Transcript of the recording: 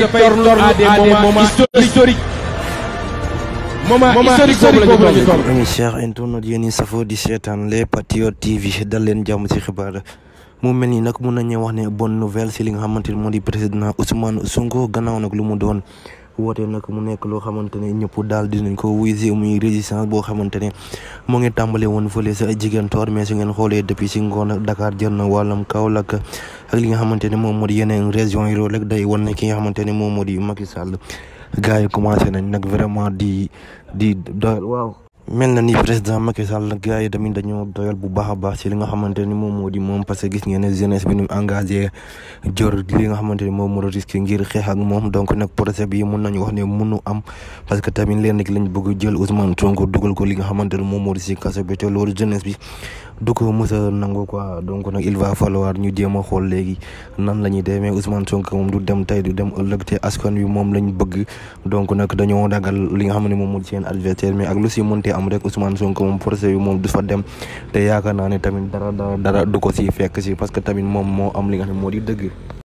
dafay torlu à des moments historiques moment historique boobu la ñu toll. dal leen jàmm ci xibaar mu mel ni nag mun nañu wax ne bonne nouvelle si li nga xamante ne moo di président Ousmane Sonko gannaaw nag lu mu doon. woote nag mu nekk loo xamante ne ñëpp daal dinañ ko wuy mu muy boo xamante ne moo ngi tàmbale woon fële sa Ziguinchor mais su ngeen xoolee depuis si ngoon dakaar jël na wàllam Kaolack ak li nga xamante ne moom moo di yeneen région yi loolu rek day wan ne ki nga xamante ne moom moo di Macky Sall yi commencé nañ nag vraiment di di doyal waaw. mel na ni président Macky Sall nag gars yi dañoo doyal bu baax a baax li nga xamante ni moom moo di moom parce que gis ngeen ne jeunesse bi ñu engagé jor nga xamante ni moom moo di risque ngir ak moom donc nag projet bi mun nañu wax ne mënu am parce que tamit leen rek lañ bëgg jël Ousmane Sonko dugal ko li nga xamante ni moom moo di si kaso bi te loolu jeunesse bi. du ko mës a nangu quoi donc nag il va falloir ñu jéem a xool léegi nan la ñuy demee Ousmane Sonko moom du dem tey du dem ëllëg te askan wi moom lañu bëgg donc nag dañoo dagal li nga xam ne moom mu seen adversaire mais ak lu si mënti am rek Ousmane Sonko moom procès bi moom du fa dem te yaakaar naa ne tamit dara dara dara du ko si fekk si parce que tamit moom moo am li nga xam moo di dëgg.